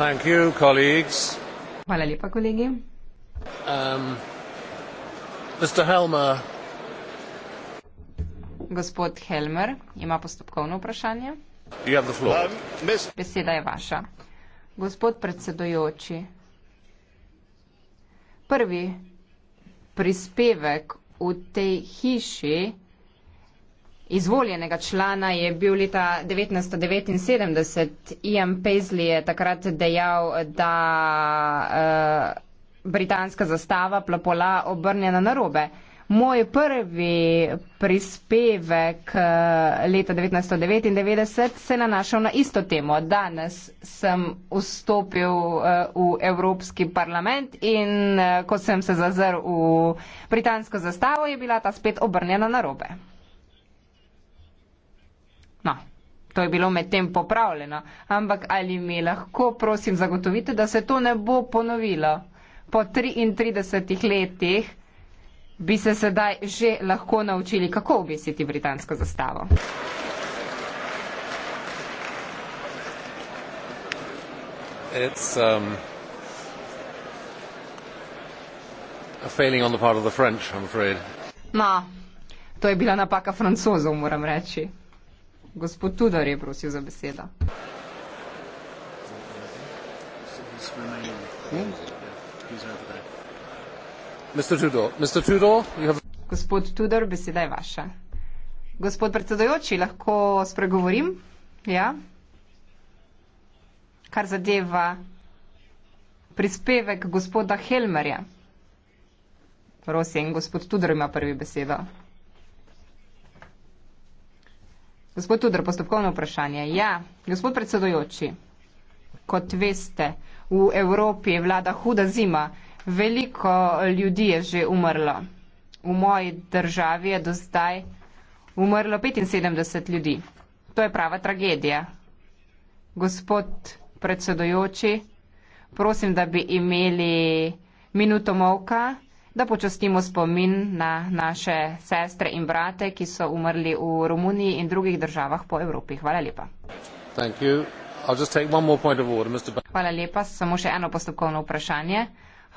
Hvala lepa, kolegi. Um, Gospod Helmer ima postopkovno vprašanje. Um, Beseda je vaša. Gospod predsedojoči, prvi prispevek v tej hiši izvoljenega člana je bil leta 1979. Ian Paisley je takrat dejal, da uh, britanska zastava plapola obrnjena na robe. Moj prvi prispevek eh, leta 1999 se nanašal na isto temo. Danes sem vstopil eh, v Evropski parlament in ko sem se zazrl v britansko zastavo, je bila ta spet obrnjena na robe. No, to je bilo medtem popravljeno, ampak ali mi lahko, prosim, zagotovite, da se to ne bo ponovilo? Po 33 letih bi se sedaj že lahko naučili, kako obesiti britansko zastavo. It's, um... No, to je bila napaka francozov, moram reči. Gospod Tudor je prosil za besedo. Gospod Tudor, beseda je vaša. Gospod predsedojoči, lahko spregovorim? Ja? Kar zadeva prispevek gospoda Helmerja. Prosim, gospod Tudor ima prvi besedo. Gospod Tudor, postopkovno vprašanje. Ja, gospod predsedujoči, kot veste, v Evropi vlada huda zima, veliko ljudi je že umrlo. V moji državi je do zdaj umrlo 75 ljudi. To je prava tragedija. Gospod predsedujoči, prosim, da bi imeli minuto molka da počastimo spomin na naše sestre in brate, ki so umrli v Romuniji in drugih državah po Evropi. Hvala lepa. Hvala lepa. Samo še eno postopkovno vprašanje.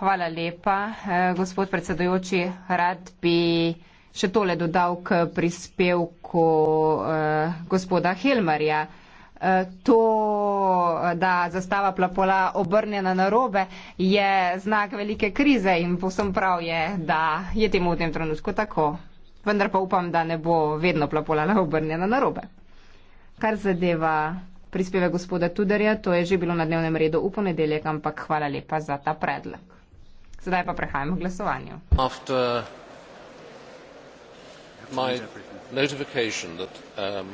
Hvala lepa, eh, gospod predsedujoči. Rad bi še tole dodal k prispevku eh, gospoda Helmarja to, da zastava plapola obrnjena na robe, je znak velike krize in povsem prav je, da je temu v tem trenutku tako. Vendar pa upam, da ne bo vedno plapola obrnjena na robe. Kar zadeva prispeve gospoda Tudarja, to je že bilo na dnevnem redu v ponedeljek, ampak hvala lepa za ta predlog. Zdaj pa prehajamo k glasovanju. After... My notification that um,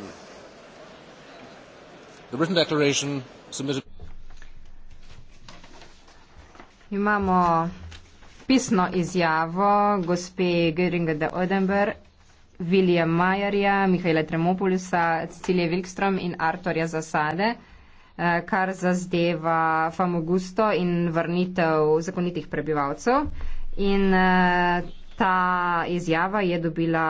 imamo pred sabo poročilo o napredku pri reševanju sirskega vprašanja. Pisno izjavo gospe Göringa de Odenber, Vilija Majerja, Mihaela Tremopulusa, Cecilije Wilkstrom in Artorja Zasade, eh, kar zazdeva famogusto in vrnitev zakonitih prebivalcev. In eh, ta izjava je dobila.